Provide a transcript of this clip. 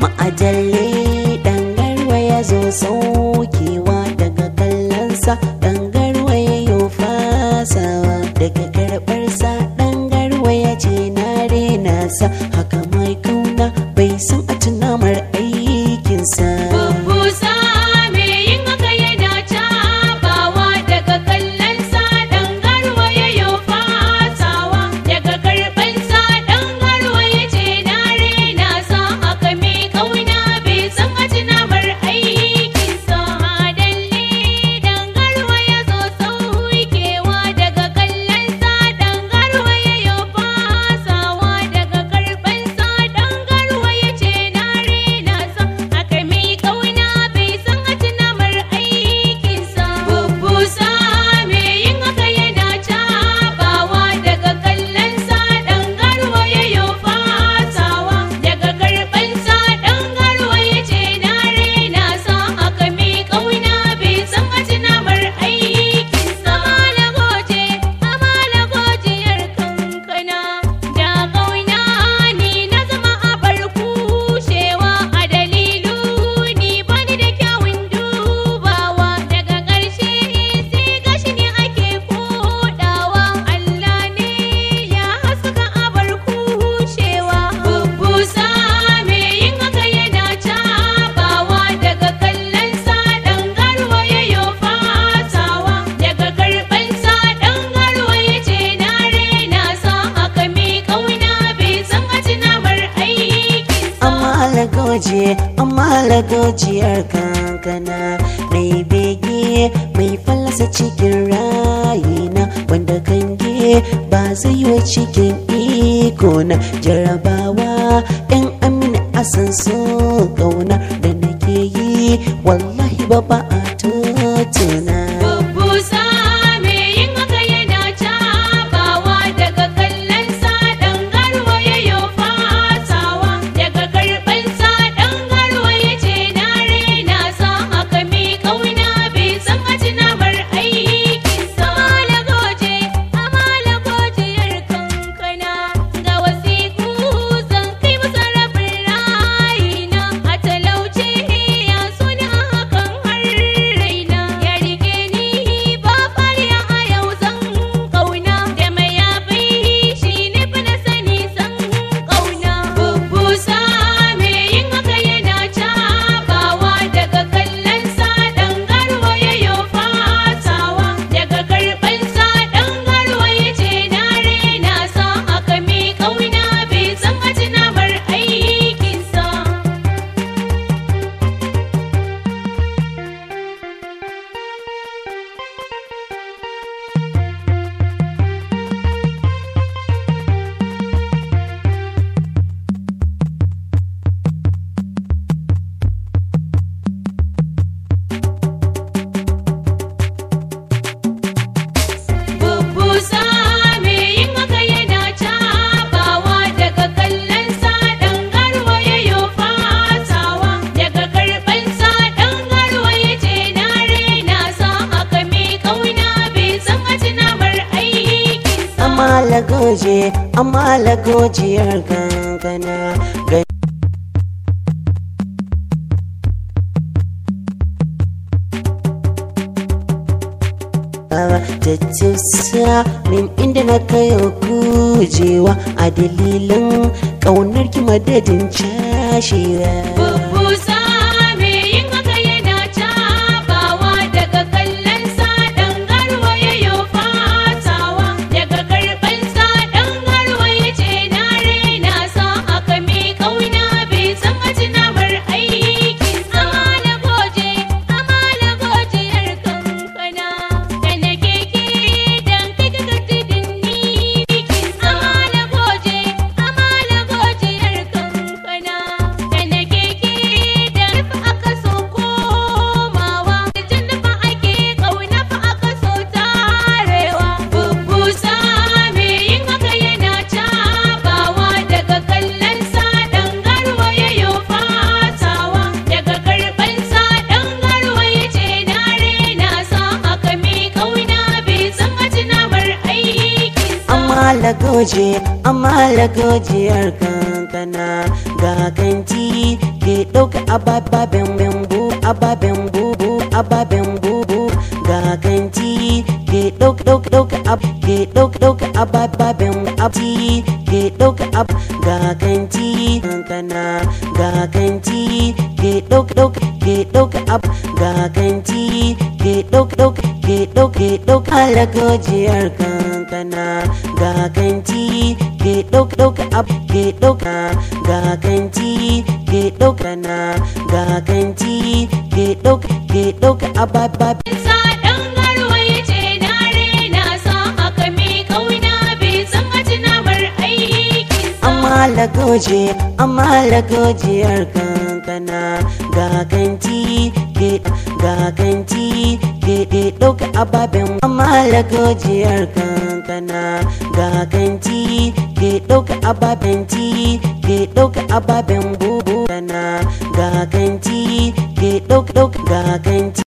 ma'ajalle ɗan garwa ya zo sau je amma da gociyar kankana mai bege mai falsa cikin rayina wanda kange ba zai wa cikin iko na jarabawa yan amina san su kauna da nake yi wallahi ba ba a tutuna amma lagoje amma lagojiyar gangana da tisiya min inda na kayo gujewa a dalilin ƙaunar ki madadin cashewa lagoje amma lagojiyar kankana ga kanti ke ɗauka ababen bambu ababen bubu ababen bubu ga kanti ke ɗauka ɗauka ɗauka ab ke ɗauka ɗauka ababen abti ke ɗauka ab ga kanti kankana ga kanti ke ɗauka ɗauka ke ɗauka ab ga kanti ke ɗauka ɗauka ke ɗauka ke ɗauka lagojiyar kankana Na ga kanti ke ɗauka dauka ab ke ɗauka ga kanti ke ɗauka na. ga kanti ke ɗauka ke dauka ababa. amala goje amala gojiyar kankana ga kanti ke ga kanti ke ke ɗauka ababen mara gajiyar kankana ga kanti ke ɗauka ababen ti ke ɗauka ababen bubu kana ga kanti ke ɗauka ga kanti